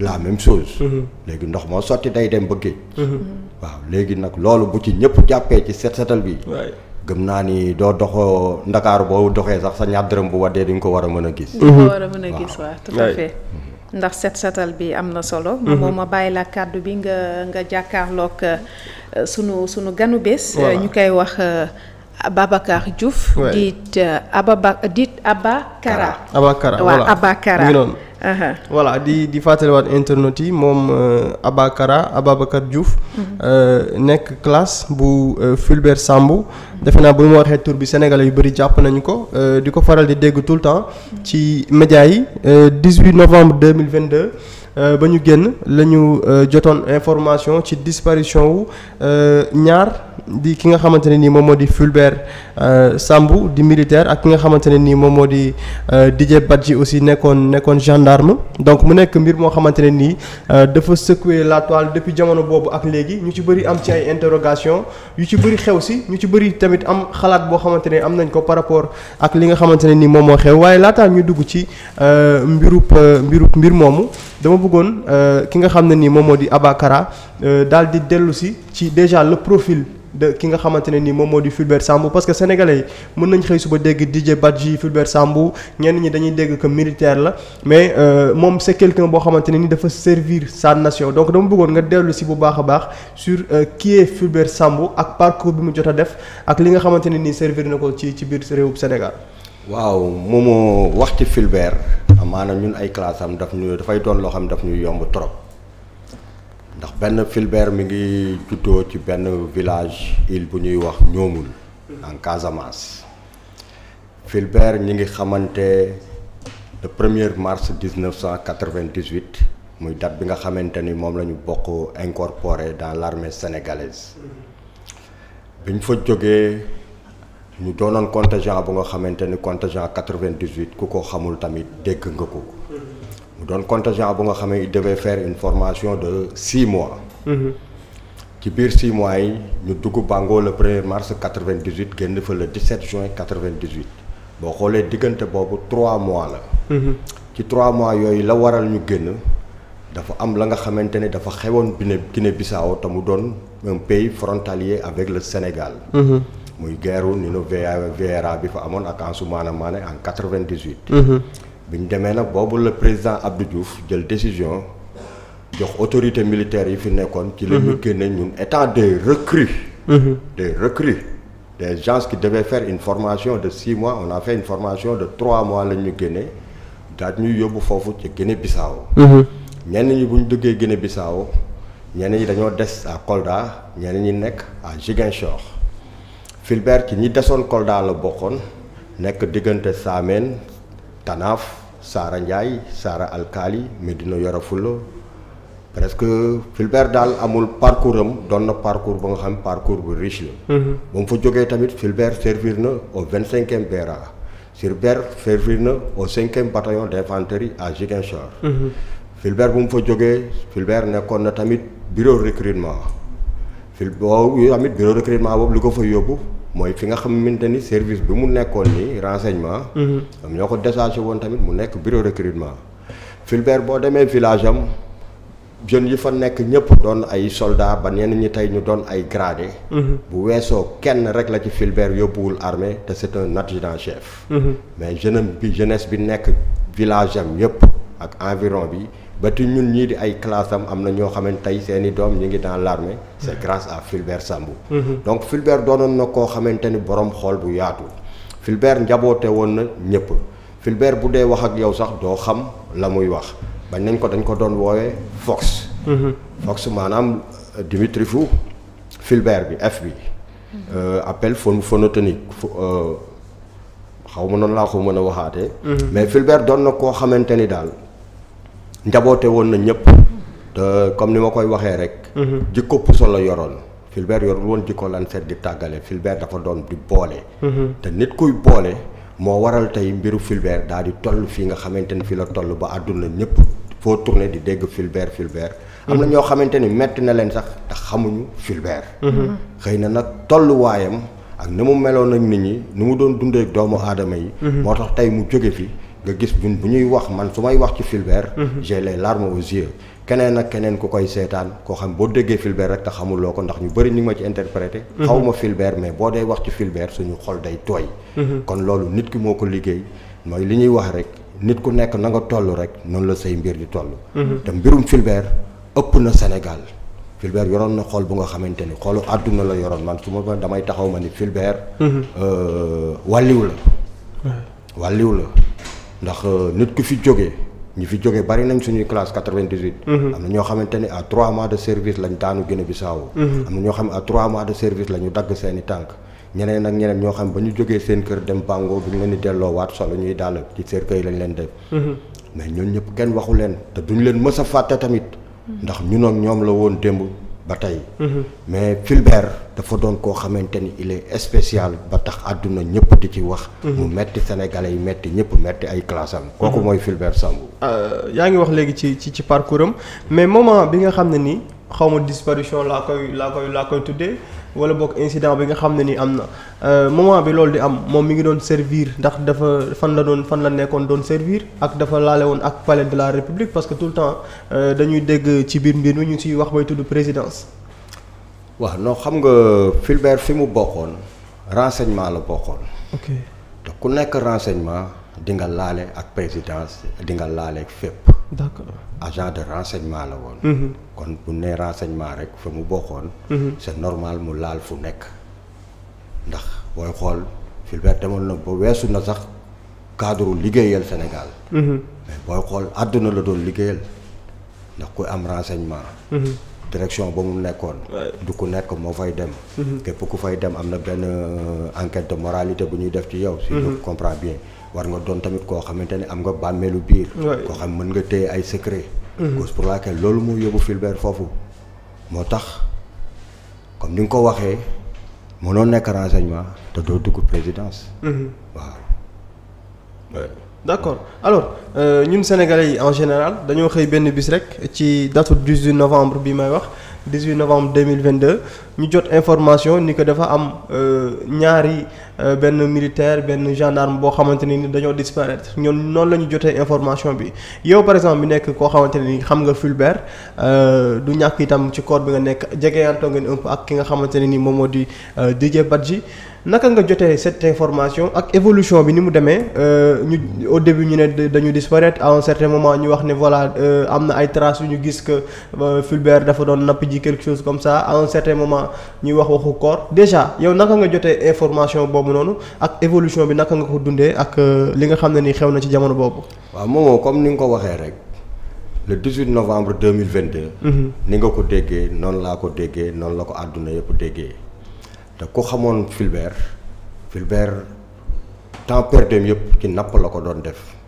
la même chose. Mm-hmm. léegi ndox moo sotti day dem ba mm-hmm. waaw léegi nag loolu bu ci ñëpp jàppee ci set setal bi. gëm naa ni doo doxoo ndakaaru boo doxee sax sa ñaar bu waddee di nga ko war a mën a gis. nga mm-hmm. war a ndax set setal bi am na solo. moom ma bàyyi la kàddu bi nga nga jàkkaarlook euh, sunu sunu ganu bés. Euh, ñu koy wax. Euh, Ababacar Diouf. dit Ababa dit Abakara. Abakara voilà Abakara. voilà di di fàttaliwaat internet yi moom euh, Abakara Ababacar Diouf. Mhm. Euh, nekk classe bu euh, Fulbert Sambou. defe naa bu ma waxee tur bi sénégalais yu bëri jàpp nañu ko di ko faral di dégg tout le temps ci média yi 18 novembre 2022. ba ñu génn la ñu jotoon information ci disparition wu ñaar. di ki nga xamante ne nii moom moo di Fulbert euh, Sambou di militaire ak ki nga xamante ne nii moom moo di euh, Didier Badji aussi nekkoon nekkoon gendarme donc mu nekk mbir moo xamante ne nii euh, dafa secouer la toile depuis jamono boobu ak léegi ñu ci bëri am ci ay interrogation yu ci bëri xew si ñu ci bëri tamit am xalaat boo xamante ne am nañ ko par rapport ak li nga xamante ne nii moom moo xew waaye laataa ñu dugg ci mbirub mbirub mbir moomu dama bëggoon ki nga xam ne nii moom moo di Abakara daal di dellu si ci déjà le profil de ki nga xamante ne nii moom moo di Fulbert Sambou parce que sénégalais yi mën nañ xëy suba dégg DJ Badji Fulbert Sambou ñenn ñi dañuy dégg que militaire la mais euh, moom c'est quelqu'un boo xamante ne ni dafa servir sa nation donc dama bëggoon nga dellu si bu baax a baax sur euh, qui est Fulbert ak parcours bi mu jot a def ak li nga xamante ne nii servir na ko ci ci biir réewum Sénégal. waaw moomoo wax ci Fulbert maanaam ñun ay classe am daf ñu dafay doon loo xam daf ñu yomb trop. ndax benn Fulbert mi ngi juddoo ci benn village île bu ñuy wax ñoomul en Casamance Fulbert ñi ngi xamante le 1er mars 1998 muy date bi nga xamante ni moom la ñu bokk incorporé dans l'armée sénégalaise bi ñu fa jógee ñu doonoon contingent bu nga xamante ni contingent 98 ku ko xamul tamit dégg nga ko. mu doon contingent bu nga xam ne il faire une formation de six mois. Mhm. ci biir six mois yi ñu dugg Bango la premier mars quatre vingt dix huit génn fa le dix sept juin quatre boo xoolee diggante boobu trois mois la. Mhm. ci trois mois yooyu la waral ñu génn. dafa am la nga xamante ne dafa xewoon Guinée Guinée Bissau te mu doon un pays frontalier avec le Sénégal. Mhm. muy guerre ni nu bi fa amoon ak Ansoumana Mané en quatre vingt dix huit bi ñu demee nag boobu la président Abdou Diouf jël décision jox autorité militaire yi fi nekkoon. ci la ñu mhm. génne ñun étant de recrues. Mhm. des recrues des gens qui devaient faire une formation de six mois on a fait une formation de trois mois la ñu génne daal ñuy yóbbu foofu ci Guinée Bissau. Mhm. ñenn ñi bu ñu duggee Guinée Bissau ñenn yi dañoo des à Kolda ñenn ñi nekk à Ziguinchor Fulbert ci ñi desoon Kolda la bokkoon nekk diggante Saameen Tanaaf. Saara Ndiaye Saara Alkali Medina Yoro Fula presque Fulbert daal amul parcours am nga xam parcours bu riche la. Mhm. mu fa jógee tamit Fulbert servir na au vingt cinquième BRA servir na au cinquième bataillon d' infanterie à Ziguinchor. Mhm. Fulbert bu mu fa jógee Fulbert nekkoon na tamit bureau recrutement Fulbert tamit bureau recrutement boobu li ko fa yóbbu. mooy fi nga xamante ni service bi mu nekkoon ni renseignement. am mhm. ñoo ko détaché woon tamit mu nekk bureau recrutement. Fulbert boo demee village am jeunes yi fa nekk ñëpp doon ay soldats ba ñenn ñi tey ñu doon ay gradé. Mhm. bu weesoo kenn rek la ci Fulbert yóbbuwul armée te c'est un adjudant chef. Mhm. mais jeune bi jeunesse bi nekk village am yëpp ak environ bi. ba ti ñun ñii di ay classe am am na ñoo xamante tey seen doom ñu ngi dans l'armée c'est grâce à Fulbert Sambou mm-hmm. donc Fulbert doonoon na koo xamante ni borom xool bu yaatu Fulbert njaboote woon na ñëpp Fulbert bu dee wax ak yow sax doo xam la muy wax bañ nañ ko dañ ko doon woowee Fox mm-hmm. Fox maanaam euh, Dimitri Fou Fulbert bi F bi mm-hmm. euh, appel phon phonotonique euh, xaw ma noonu laa ko mën a waxaatee mais Fulbert doon na koo xamante ni daal njaboote woon na ñëpp te comme ni ma koy waxee rek. Mhm. jikko puso la yoroon. Fulbert yorul woon jikko lan seet di tàggale Fulbert dafa doon di boole. Mhm. te nit kuy boole moo waral tey mbiru Fulbert daal di toll fii nga xamante ni fii la toll ba àdduna ñëpp foo tourné di dégg Fulbert Fulbert. am na mhm. ñoo xamante ni metti na leen sax te xamuñu Fulbert. xëy na nag tolluwaayam ak ni mu meloon ak nit ñi nu mu doon dundee doomu aadama yi. moo tax tey mu jóge fi. nga gis buñ bu ñuy wax man su may wax ci Fulbert mhm. j'ai les larmes aux keneen ak keneen ku koy seetaan koo xam boo déggee Fulbert rek te xamuloo ko ndax ñu bari ni ma ci interprété mhm. xaw ma Fulbert mais boo dee wax ci Fulbert suñu xol day tooy mhm. kon loolu nit ki moo ko liggéey mooy li ñuy wax rek nit ku nekk nanga nga rek noonu la say mbir di toll te mbirum Fulbert ëpp na Sénégal Fulbert yoroon na xool bu nga xamante ni xoolu àdduna la yoroon man su ma damay taxaw ma ni Fulbert euh, wàlliw la wàlliw la ndax euh, nit ku fi jógee ñi fi jógee bari nañ suñuy classe quatre-vingt-dix-huit mhm. am na ñoo xamante ne à trois mois de service lañ daanu Guinée Bissau mhm. am na ñoo mois de service la ñu dagg seeni tànk ñeneen ak ñeneen ñoo xam ba ñu jógee seen kër dem Bango bi ñu leen di delloowaat solo ñuy daal ci seen kër yi lañ leen def mhm. mais ñooñu ñëpp kenn waxu leen te duñu leen mës fàtte tamit ndax ñu ak ñoom la woon démb ba tey. Mhm. mais Fulbert dafa doon koo xamante ni il est ba tax àdduna ñëpp di ci wax. Mhm. mu metti sénégalais yi metti ñëpp metti ay classe am. Mhm. kooku mooy Fulbert Sambou. Euh, yaa ngi wax léegi ci ci ci parcours am mais moment bi nga xam ne nii xaw ma disparition laa koy laa koy laa koy tuddee. wala boog incident bi nga xam ne ni am na euh, moment bi loolu di am moom mi ngi doon servir ndax dafa fan la doon fan la nekkoon doon servir ak dafa laale woon ak pale de la république parce que tout le temps euh, dañuy dégg ci biir mbir mi ñu ciy wax bay tudd présidence. waaw noo xam nga Fulbert fi mu bokkoon renseignement la bokkoon. ok te ku nekk renseignement. di nga laale ak présidence di nga laale ak fépp. d'accord agent de renseignement la woon. Mhm. kon bu nee renseignement rek fa mu bokkoon. Mhm. c'est normal mu laal fu nekk. ndax booy xool Fulbert demoon na ba weesu na sax cadre liggéeyal Sénégal. Mhm. booy xool àdduna la doon liggéeyal ndax ku am renseignement. direction ba mu nekkoon. du ku nekk moo fay dem. képp ku fay dem am na benn euh, enquête de moralité bu ñuy def ci yow. si je comprends bien. war nga doon tamit koo xamante ni am nga bàmmeelu biir. koo xam mën nga téye ay secret. Mhm. cause pour laquelle loolu moo yóbbu Fulbert foofu. moo tax comme ni nga ko waxee mënoo nekk renseignement te doo dugg présidence. Mhm. waaw. d'accord alors euh, ñun euh, yi en général dañoo xëy benn bis rek ci date du 18 novembre bi may wax. 18 novembre 2022 ñu jot information ni que dafa am euh, ñaari euh, benn militaire benn gendarme boo xamante ne ni dañoo disparaître ñoon noonu la ñu jotee information bi yow par exemple bi nekk koo xamante ne ni xam nga Fulbert euh, du ñàkk itam ci corps bi nga nekk jegeyantoo ngeen un peu ak ki nga xamante ne ni moom moo di Didier ji naka nga jotee cette information ak évolution bi ni mu demee euh, ñu au début ñu ne dañu disparaître à un certain moment ñu wax ne voilà euh, am na ay traces yu gis que euh, Fulbert dafa doon napp ji quelque chose comme ça à un certain moment ñuy wax waxu corps déjà yow naka nga jotee information boobu noonu ak évolution bi naka nga ko dundee ak li nga xam ne ni xew na ci jamono boobu. waaw moomoo comme ni nga ko waxee rek. le 18 novembre 2022. Mhm. ni nga ko déggee noonu laa ko déggee noonu la ko àdduna yëpp déggee. te ku xamoon Fulbert Fulbert temps perdu yëpp ci napp la ko doon def